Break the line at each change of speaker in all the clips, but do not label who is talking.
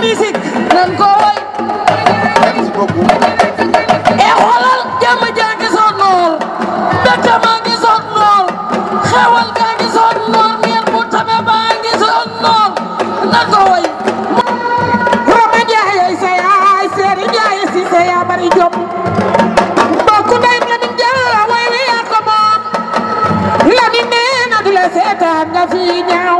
musique nan ko way merci beaucoup e xoolal jàmm jaa ngi sonn lool maa ngi sonn lool xewal gaa ngi sonn lool miir bu tame baa ngi sonn lool nan ko way rama jaay ay sa yaay yaa bari jom mbokku day lamin jaa way wi yaa ko moom lamin nee na la seetaan nga fi ñaaw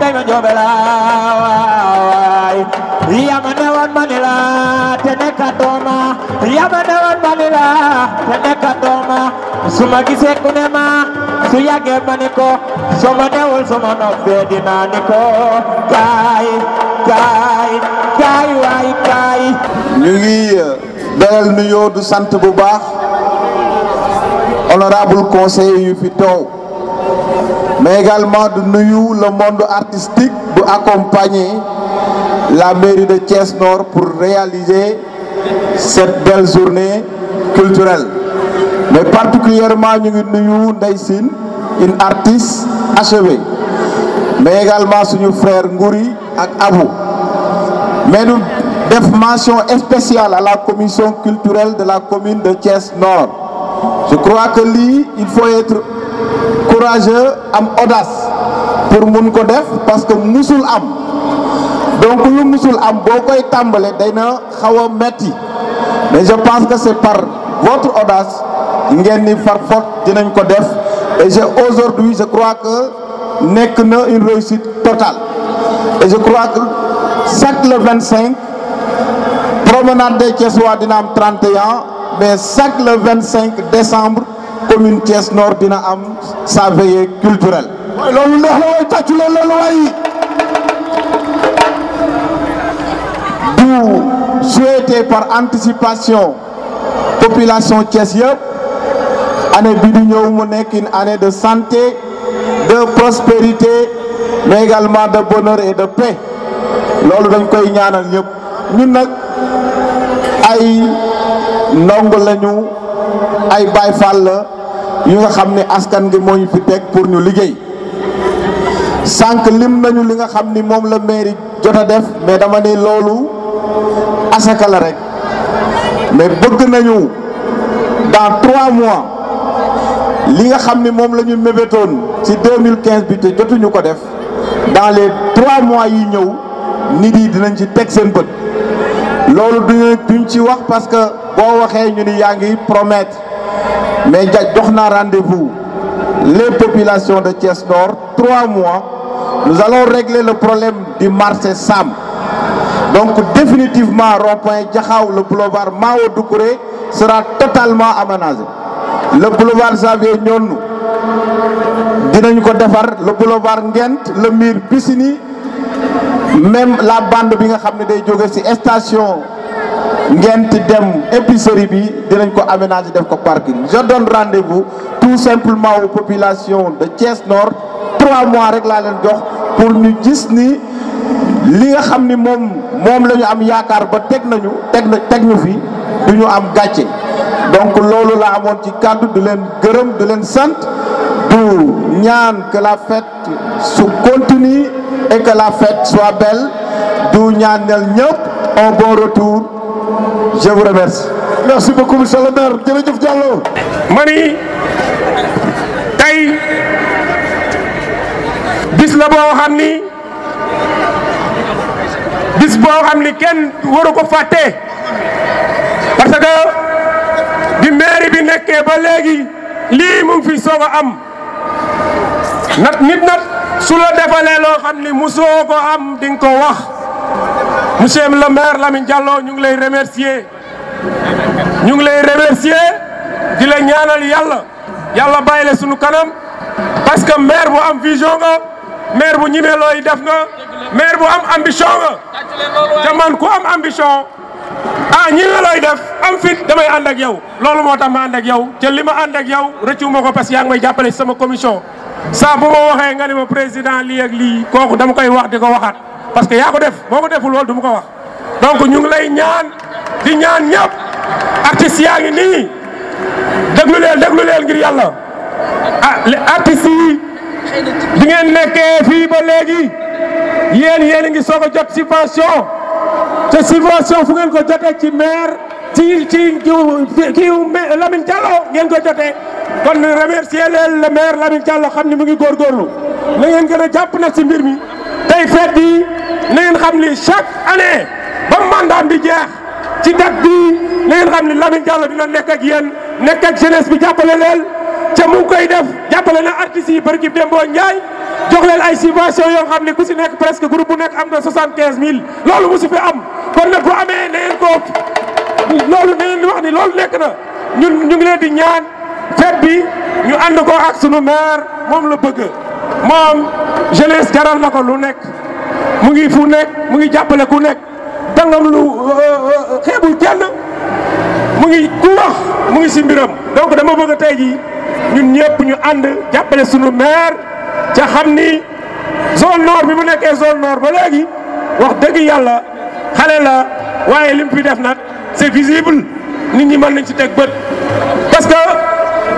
tey ma joobe la waay yaa ma ne woon ma yaa ma te nekkatoo ma su ma gisee ne ma su yàggee ma ni ko soo newul soo ma noppee dinaa ni ko kaay kaay kaay waay kaay
ñu ngi beral uh, nuyoo sant bu baax honorable conseil yu fi toog mais également de nous, le monde artistique de accompagner la mairie de Thiès Nord pour réaliser cette belle journée culturelle. Mais particulièrement, nous nuyu Ndaysin, une artiste achevée. Mais également, son frère Ngouri et Abou. Mais nous devons mention spéciale à la commission culturelle de la commune de Thiès Nord. Je crois que lui, il faut être courageux am audace pour mun ko parce que musul am donc lu musul am bokoy tambalé xawa mais je pense que c'est par votre audace nous ni far fort dinañ ko et aujourd'hui je crois que nous na une réussite totale et je crois que chaque le 25 promenade des Kessoua dina am 31 mais chaque le 25 décembre commune Thiès Nord dina am sa veillée culturelle. par anticipation population Thiès année une année de santé de prospérité mais également de bonheur et de paix lolu dañ koy ñaanal ñëpp ñun nak ay lañu. ay Baay Faal la yu nga xam ne askan gi moo ñu fi teg pour ñu liggéey sànq lim nañu li nga xam ni moom la mairie jot a def mais dama ne loolu asaka la rek mais bëgg nañu dans trois mois li nga xam ni moom la ñu mébétoon ci 2015 bi te jotuñu ko def dans les trois mois yi ñëw nit yi dinañ ci teg seen bët loolu duñu duñ ci wax parce promettre mais ja rendez-vous les populations de Thiès Nord trois mois nous allons régler le problème du et Sam donc définitivement rond-point le boulevard Mao Doucouré sera totalement aménagé le boulevard Xavier nyonou le boulevard Ngent le mur Bissini même la bande de nga xam station ngent dem épicerie bi dinañ ko aménager def ko parking je donne rendez-vous tout simplement aux populations de Thiès Nord trois mois rek la leen jox pour ñu gis ni li nga xamni mom mom lañu am yaakar ba tek nañu tek na ñu fi duñu am gatché donc lolu la amone ci kàddu du leen gërëm du leen sante du ñaan que la fête se continue et que la fête soit belle du ñaanel ñëpp au bon retour
je vous remercie. merci beaucoup monsieur le maire jërëjëf Diallo. ma ni tey bis la boo xam ni bis boo xam ni kenn waru ko fàtte parce que bi mairie bi nekkee ba léegi lii mu fi soog a am nat nit nat su la defalee loo xam ni musoo ko am di ko wax. monsieur le maire Lamine Diallo ñu ngi lay remercier ñu ngi lay remercier di la ñaanal yalla yalla bàyyi la sunu kanam parce que maire bu am vision nga maire bu ñimee loy def nga maire bu am ambition nga te man ku am ambition ah la looy def am fit damay and ak yow lolu motax ma and ak yow té lima ma ak yow reccu ma parce sama commission sa bu ma waxé nga ni ma président li ak li koku dama koy wax diko waxat parce que ya ko def boko ko deful loolu du ko wax donc ñu ngi lay ñaan di ñaan ñep artiste yaa ngi nii déglu leen déglu leen ngir yalla ah artistes yi di ngeen nekké fi ba légui yeen yeen a ngi soko a jot subvention te subvention fu ngeen ko jotee ci maire ci ci kii Lamine Diallo ngeen ko jotee kon remercier leen le maire Lamine Diallo xam ne mu ngi góorgóorlu na ngeen gëna a na ci mbir mi tay fête bi na ngeen xam ni chaque année ba mandat bi jeex ci date bi na ngeen xam ni Lamine Diallo dina nekk ak yéen nekk ak jeunesse bi jàppale leen ca mu ngi koy def jàppale na artistes yi dem Demba Ndiaye jox leen ay subvention yoo xam ni ku si nekk presque groupe bu nekk am na 75000 loolu mosu fi am kon nag bu amee na ngeen ko loolu na wax ni loolu nekk na ñun ñu ngi leen di ñaan fête bi ñu ànd ko ak sunu maire moom la bëgg moom jeunesse jaral na ko lu nekk. mu ngi fu nekk mu ngi jàppale ku nekk dangam lu euh, euh, xeebul kenn mu ngi ku wax mu ngi si mbiram donc dama bëgg tey jii ñun ñëpp ñu ànd jàppale sunu maire ca xam ni zone nord bi mu nekkee zone nord ba léegi wax dëgg yàlla xale la waaye lim fi def nag c'est visible nit ñi mën nañ ci teg bët parce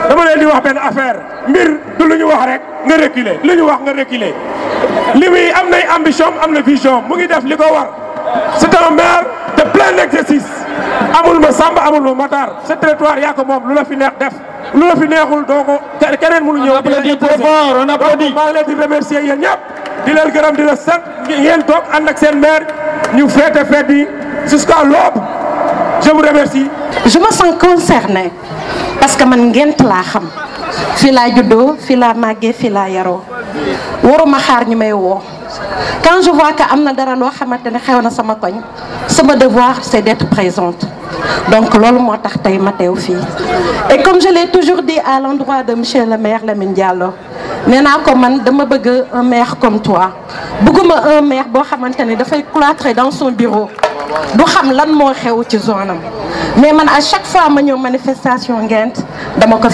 dama leen di wax benn affaire mbir du lu ñu wax rek nga reculer lu ñu wax nga reculer li muy am nay ambition am na vision mu ngi def li ko war c'est un maire de plein exercice amul ma Samba amul ma Matar sa territoire yaa ko moom lu la fi neex def lu la fi neexul doo ko keneen mënu ñëw. on applaudit maa ngi leen di remercier yéen ñëpp di leen gërëm di la sant ngeen toog ànd ak seen maire ñu féete fête bi jusqu'à l'aube je vous remercie. je me sens concernée parce que man ngent xam quand je vois que amna dara xamantene xewna sama je sama devoir c'est d'être présente donc je et comme je l'ai toujours dit à l'endroit de monsieur le maire Lamine Diallo ko man un maire comme toi bëgguma un maire dans son bureau du xam lan moo xew ci zone mais à chaque fois ma manifestation Ngent dama ko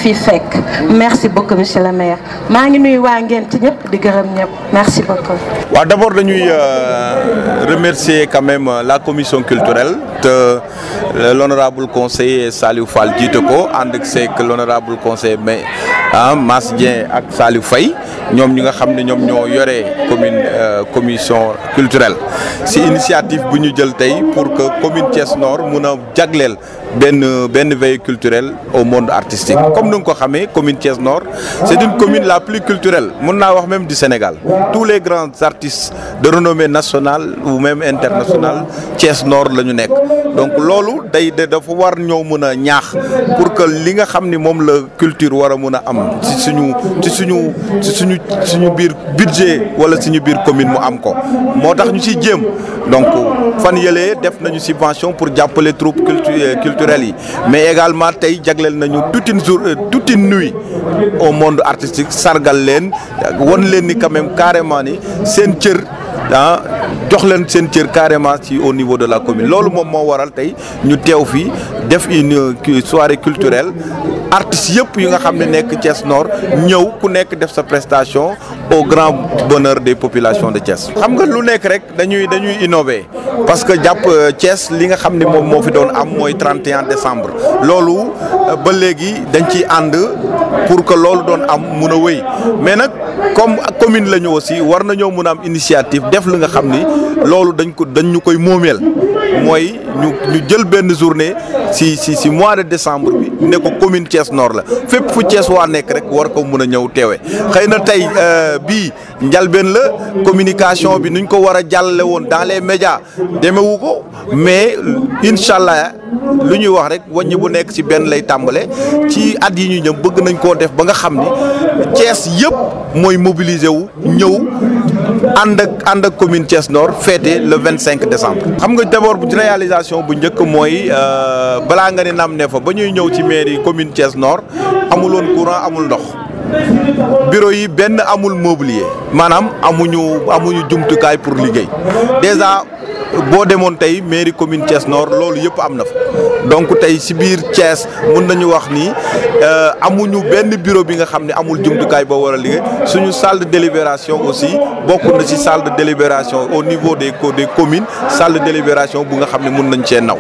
merci beaucoup monsieur le maire merci beaucoup.
D'abord, euh, remercier quand même euh, la commission culturelle euh, l'honorable conseiller Saliou Fall jiite l'honorable conseiller mais ah ñoom ñi nga xam ne ñoom ñoo yore commune euh, commission culturelle si initiative bu ñu jël tey pour que commune Thiès Nord mun a jagleel bien ben veille culturelle au monde artistique comme nous le savons, la commune Thiès Nord c'est une commune la plus culturelle même du Sénégal tous les grands artistes de renommée nationale ou même internationale Thiès Nord le ñu donc lolo day de war ñeu mëna ñaax pour que li nga xam mom la culture wara mëna am ci suñu ci suñu ci suñu suñu biir budget wala suñu commune mu am ko motax ñu ci donc fan yele def nañu subvention pour les troupe culture mais également nañu toute toute une nuit au monde artistique sargal won ni quand même carrément ni ah, carrément au niveau de la commune Nous mom une soirée culturelle artistes yëpp yu nga xam ne Thiès Nord ñëw ku nekk def sa prestation au grand bonheur des populations de Thiès. xam nga lu nekk rek dañuy dañuy innover parce que jàpp euh, Thiès li nga xam ne moom moo fi doon am mooy 31 décembre loolu euh, ba léegi dañ ciy ànd pour que loolu doon am mun a wéy mais nak, comme commune la ñu aussi war nañoo mun a am initiative def li nga xam ni loolu dañ ko dañ ñu momel moy ñu ñu jël ben journée si si si mois de décembre bi ne ko commune Thiès Nord la fépp fu Thiès waa nekk rek war ko mun a ñëw teewe xëy na tey euh, bii njalbeen la communication bi nuñ ko war a jàllale woon dans les médias demewu ko mais incha allah lu ñuy wax rek wàññi bu nekk ci benn lay tàmbale ci at yi ñu ñëm bëgg nañ koo def ba nga xam ni Thiès yëpp mooy mobiliser wu ñëw commune Nord fêtée le 25 décembre. xam nga d'abord bu réalisation bu moy euh nga ni nam ba ñuy ñëw commune Nord courant amul ndox. bureau yi amul mobilier manam amuñu amuñu pour boo demoon tey mairie commune Thiès Nord loolu yëpp am na fa donc tey si biir Thiès mun nañu wax ni euh, amuñu benn bureau bi nga xam ne amul jumtukaay boo war a liggéey suñu salle de délibération aussi bokk na si salle de délibération au niveau des des communes salle de délibération bu nga xam ne mun nañ cee naw.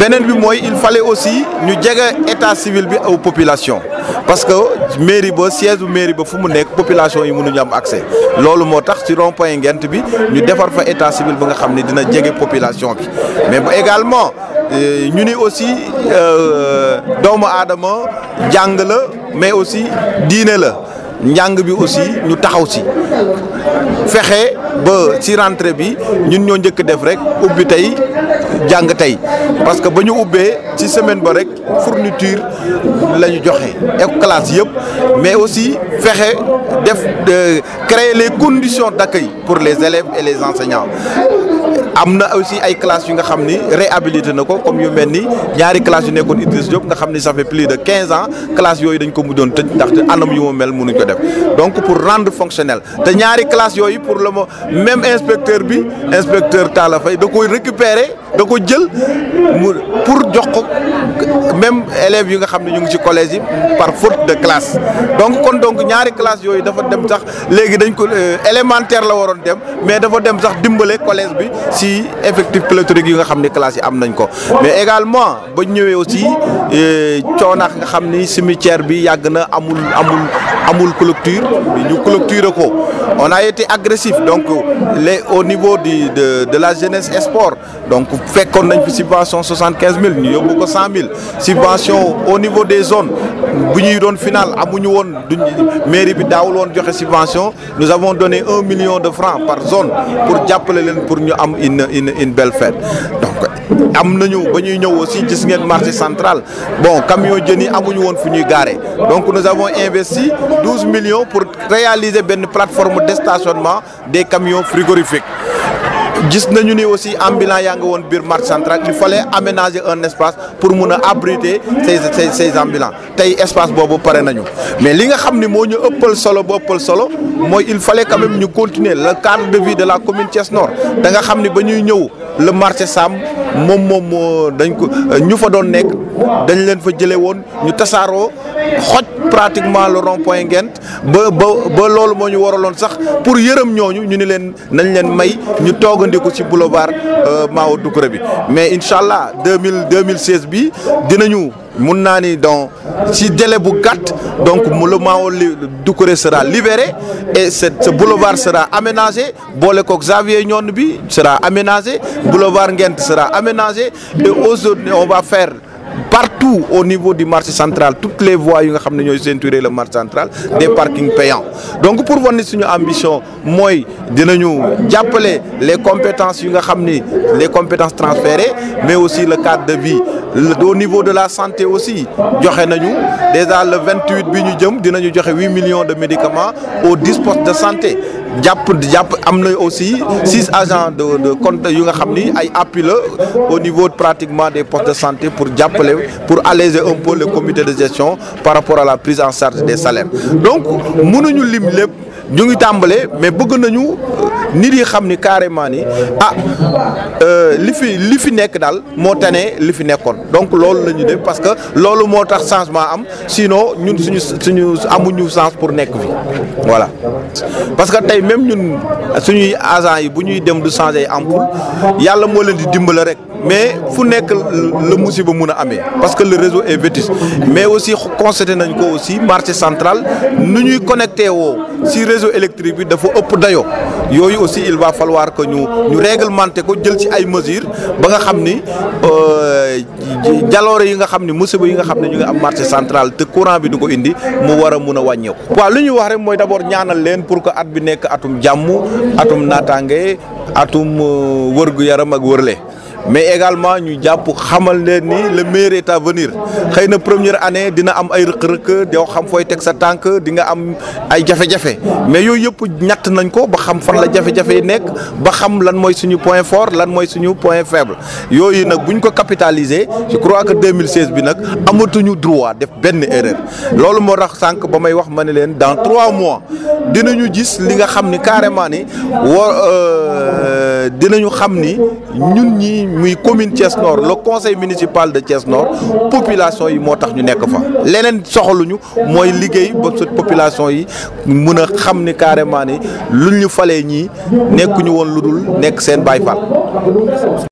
benen bi moy il fallait aussi ñu jégué état civil bi aw population parce que mairie ba siège bu mairie ba fu mu nekk population yi ñu am accès lolu motax ci rond point Ngent bi ñu défar fa état civil ba nga xam dina jégué population bi mais ba également euh, ñu ni aussi euh, doomu adama jàng la mais aussi diiné la njàng bi aussi ñu taxaw ci fexé ba ci rentrée bi ñun ñoo ñëk def rek ubbi tay parce que si on a ci semaine ba rek fourniture la joxé classe mais aussi fexé de créer les conditions d'accueil pour les élèves et les enseignants am na aussi ay classes yu nga xam ni réhabilité na ko comme yu mel ni ñaari classes yu nekkoon Idriss Diop nga xam ni ça fait plus de quinze ans classes yooyu dañ ko mu doon tëj ndaxte anam yu mu mel mënuñ ko def donc pour rendre fonctionnel te ñaari classes yooyu pour le même inspecteur bi inspecteur Talla Faye da koy récupérer da ko jël mu. pour jox même élèves yi nga xam ne ñu ci collège par faute de classe donc kon donc ñaari classe yooyu dafa dem sax légui dañ ko euh, élémentaire la waron dem mais dafa dem sax dimbale collège bi si effectif pléthorique yi nga xam classe yi am nañ ko mais également ba ñëwé aussi euh, coonaax nga xam cimetière bi yag na amul amul amul clôture ñu clôture ko on a été agressif donc les au niveau du de de la jeunesse sport donc fekkoon nañ fi subvention soixante mille ñu yóbbu ko cent subvention au niveau des zones bu ñuy final amuñu mairie bi subvention nous avons donné 1 million de francs par zone pour jàppale pour ñu am une une une belle fête donc am nañu aussi gis marché central bon camion jën yi amuñu donc nous avons investi 12 millions pour réaliser une plateforme de stationnement des camions frigorifiques gis nañu ni aussi ambulant yaa ngi woon biir marché central il fallait aménager un espace pour mun a abriter ces ces tey espace boobu pare nañu mais li nga xam ni moo ñu ëppal solo ba ëppal solo mooy il fallait quand même ñu continuer la cadre de vie de la commune Thiès Nord da nga xam ni ba ñuy ñëw le marché Sam moom moom dañ ko ñu fa doon nekk dañu leen fa jëlee woon ñu tasaaroo xoj. pratiquement le rond-point Ngent ba ba ba loolu moo ñu waraloon sax pour yeureum ñooñu ñu ni len nañ len may ñu toogandiku ci boulevard euh, Mao Doucouré bi mais inshallah 2000 deux bi dinañu. mun naa ni donc ci délai bu gàtt donc mu le Mao Doucouré sera libéré et ce boulevard sera aménagé bolé ko Xavier Nione bi sera aménagé boulevard gent sera aménagé et aujourd'hui on va faire partout au niveau du marché central toutes les voies qui nga le marché central des parkings payants donc pour vous, suñu ambition une dinañu les compétences les compétences transférées mais aussi le cadre de vie au niveau de la santé aussi déjà le 28 avons 8 millions de médicaments aux 10 postes de santé nous y aussi 6 agents de compte yu nga au niveau pratiquement des postes de santé pour aller pour un peu le comité de gestion par rapport à la prise en charge des salaires donc nous lim ñu ngi tàmbalee mais bëgg nañu euh, nit yi xamni carrément ni ah euh li fi li fi nek dal mo tane li fi nekkoon donc loolu lañu ñu def parce que loolu moo tax changement am sinon ñun suñu suñu amuñu sens pour nekk fi voilà. parce que tay même ñun suñu agent yi buñuy dem du changer ampoule yalla mo leen di dimbale rek mais fu nekk le musiba mun a parce que le réseau est vétuste mais aussi constaté nañ ko aussi marché central nous nous connecté woo si réseau électrique bi dafa ëpp dayoo yooyu aussi il va falloir que ñu ñu réglementer ko jël ci ay mesures ba nga xamni euh jaloore yi nga xamni ni yi nga xamni ñu ngi am marché central te courant bi du ko indi mu wara a mun a wàññeeku. waaw wax rek moy d'abord ñaanal leen pour que at bi nekk atum jamu atum natangé atum euh, wërgu yaram ak wërlé mais également ñu jàpp xamal leen ni le meilleur est à venir xëy na première année dina am ay rëq-rëq yow xam fooy teg sa tànk di nga am ay jafé jafé. mais yooyu yëpp ñatt nañ ko ba xam fan la jafé jafé yi nekk ba xam lan mooy suñu point fort lan mooy suñu point faible yooyu nag buñ ko capitaliser je crois que 2016 bi nag amatuñu droit def benn erreur Lors moo tax sànq ba may wax dans trois mois dinañu gis li nga xam ni carrément ni wa euh, dinañu xam ni ñun ñi commune Thiès Nord le conseil municipal de Thiès Nord population yi motax ñu nek fa lenen soxaluñu moy liggéey ba population yi mëna xamni carrément ni
ñu